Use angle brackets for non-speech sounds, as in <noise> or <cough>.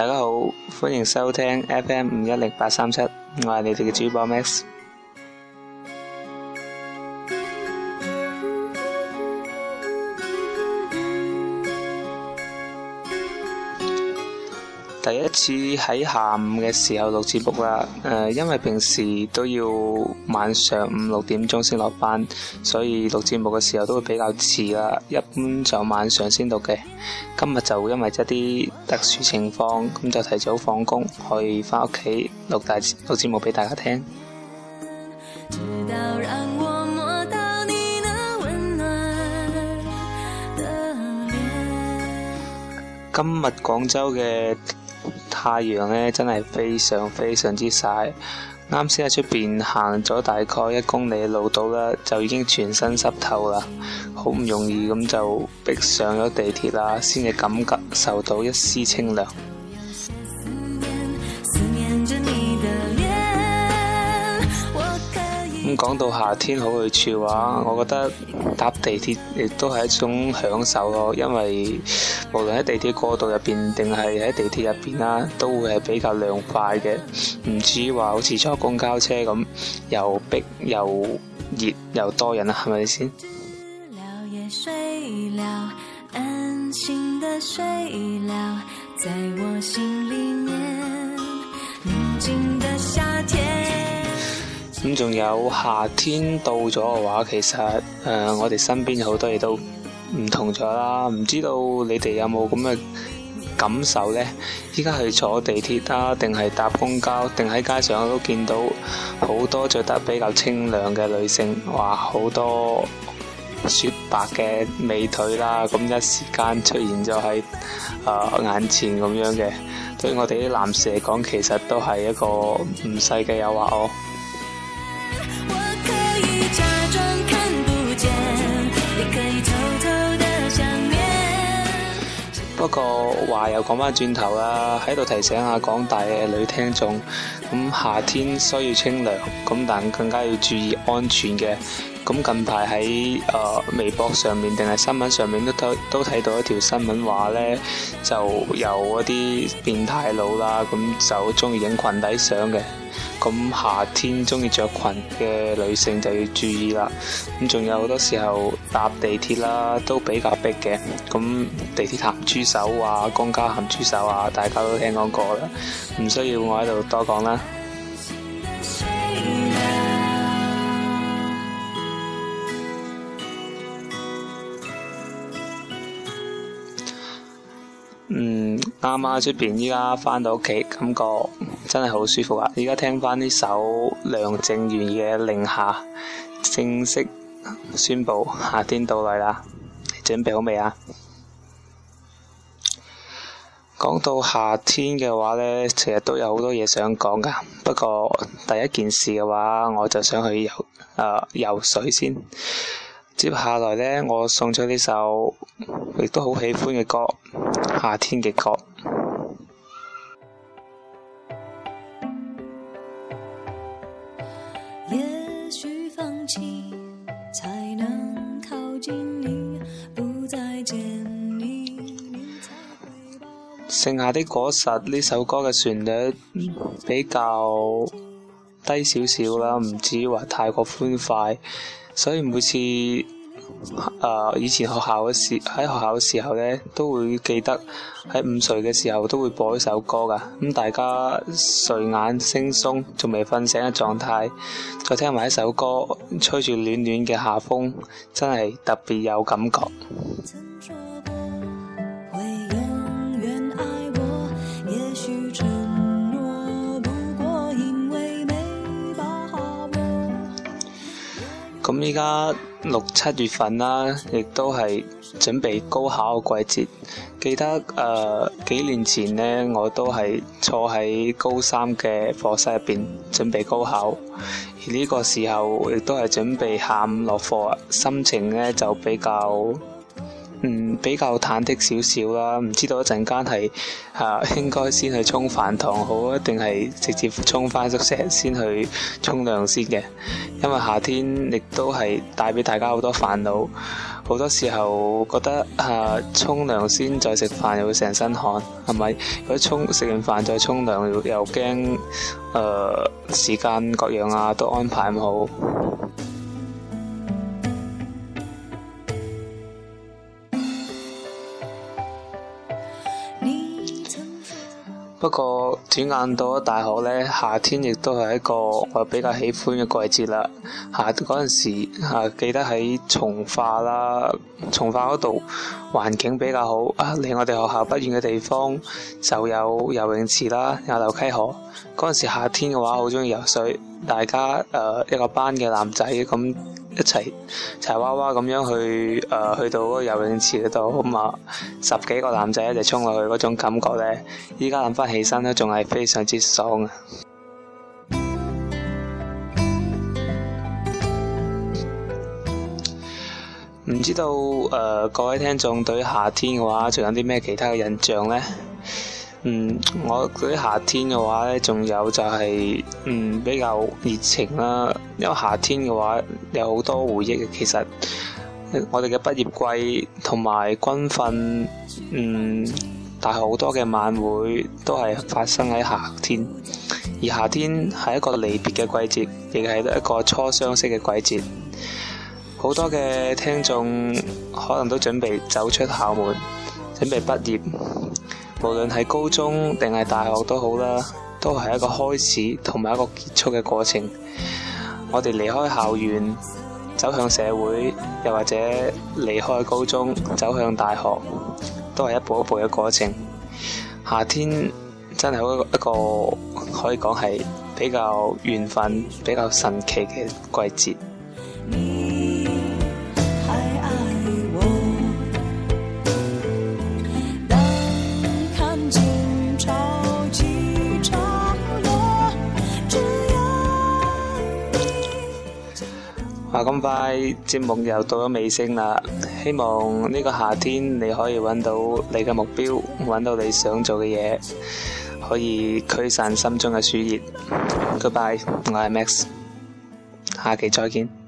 大家好，歡迎收聽 FM 510837，我係你哋嘅主播 Max。第一次喺下午嘅時候錄節目啦，誒、呃，因為平時都要晚上五六點鐘先落班，所以錄節目嘅時候都會比較遲啦。一般就晚上先錄嘅，今日就因為一啲特殊情況，咁就提早放工，可以返屋企錄大錄節目俾大家聽。今日廣州嘅。太陽咧真係非常非常之曬。啱先喺出邊行咗大概一公里路度啦，就已經全身濕透啦，好唔容易咁就逼上咗地鐵啦，先至感覺受到一絲清涼。講到夏天好去處嘅話，我覺得搭地鐵亦都係一種享受咯，因為無論喺地鐵過道入邊定係喺地鐵入邊啦，都會係比較涼快嘅，唔至於話好似坐公交車咁又逼又熱又多人啊，係咪先？咁仲有夏天到咗嘅話，其實誒、呃，我哋身邊好多嘢都唔同咗啦。唔知道你哋有冇咁嘅感受咧？依家係坐地鐵啊，定係搭公交，定喺街上都見到好多着得比較清涼嘅女性，哇，好多雪白嘅美腿啦！咁一時間出現咗喺誒眼前咁樣嘅，對我哋啲男士嚟講，其實都係一個唔細嘅誘惑哦、喔。不過話又講翻轉頭啦，喺度提醒下廣大嘅女聽眾，咁夏天需要清涼，咁但更加要注意安全嘅。咁近排喺誒微博上面定係新聞上面都都睇到一條新聞話呢，就有嗰啲變態佬啦，咁就中意影裙底相嘅。咁夏天中意着裙嘅女性就要注意啦。咁仲有好多時候搭地鐵啦，都比較逼嘅。咁地鐵鹹豬手啊，公交鹹豬手啊，大家都聽講過啦，唔需要我喺度多講啦。 <music> 嗯，啱啱出邊依家翻到屋企，感覺～真係好舒服啊！而家聽翻呢首梁靜茹嘅《寧夏》，正式宣布夏天到嚟啦！你準備好未啊？講到夏天嘅話呢，其實都有好多嘢想講㗎。不過第一件事嘅話，我就想去遊誒、呃、游水先。接下來呢，我送出呢首亦都好喜歡嘅歌《夏天嘅歌》。剩下的果實呢首歌嘅旋律比較低少少啦，唔至於話太過歡快，所以每次誒、呃、以前學校嘅時喺學校嘅時候咧，都會記得喺午睡嘅時候都會播一首歌㗎，咁大家睡眼惺忪仲未瞓醒嘅狀態，再聽埋一首歌，吹住暖暖嘅夏風，真係特別有感覺。依家六七月份啦，亦都係準備高考嘅季節。記得誒，呃，幾年前呢，我都係坐喺高三嘅課室入邊準備高考，而呢個時候亦都係準備下午落課，心情呢，就比較。嗯，比較忐忑少少啦，唔知道一陣間係啊應該先去衝飯堂好啊，定係直接衝返宿舍先去沖涼先嘅？因為夏天亦都係帶俾大家好多煩惱，好多時候覺得啊、啊、沖涼先再食飯又會成身汗，係咪？如果沖食完飯再沖涼又驚誒、呃、時間各樣啊都安排唔好。不過轉眼到咗大學咧，夏天亦都係一個我比較喜歡嘅季節啦。夏嗰陣時啊，記得喺從化啦，從化嗰度環境比較好啊，離我哋學校不遠嘅地方就有游泳池啦，有流溪河。嗰陣時夏天嘅話，好鍾意游水。大家誒、呃、一個班嘅男仔，咁一齊柴娃娃咁樣去誒、呃、去到嗰個游泳池嗰度咁啊，十幾個男仔一齊衝落去嗰種感覺咧，依家諗翻起身都仲係非常之爽啊！唔知道誒、呃、各位聽眾對夏天嘅話，仲有啲咩其他嘅印象咧？嗯，我覺得夏天嘅話呢，仲有就係、是、嗯，比較熱情啦。因為夏天嘅話有好多回憶嘅，其實我哋嘅畢業季同埋軍訓，嗯，但係好多嘅晚會都係發生喺夏天。而夏天係一個離別嘅季節，亦係一個初相識嘅季節。好多嘅聽眾可能都準備走出校門，準備畢業。無論係高中定係大學都好啦，都係一個開始同埋一個結束嘅過程。我哋離開校園，走向社會，又或者離開高中，走向大學，都係一步一步嘅過程。夏天真係一個一個可以講係比較緣分、比較神奇嘅季節。咁快，節目又到咗尾聲啦！希望呢個夏天你可以揾到你嘅目標，揾到你想做嘅嘢，可以驅散心中嘅暑熱。Goodbye，我係 Max，下期再見。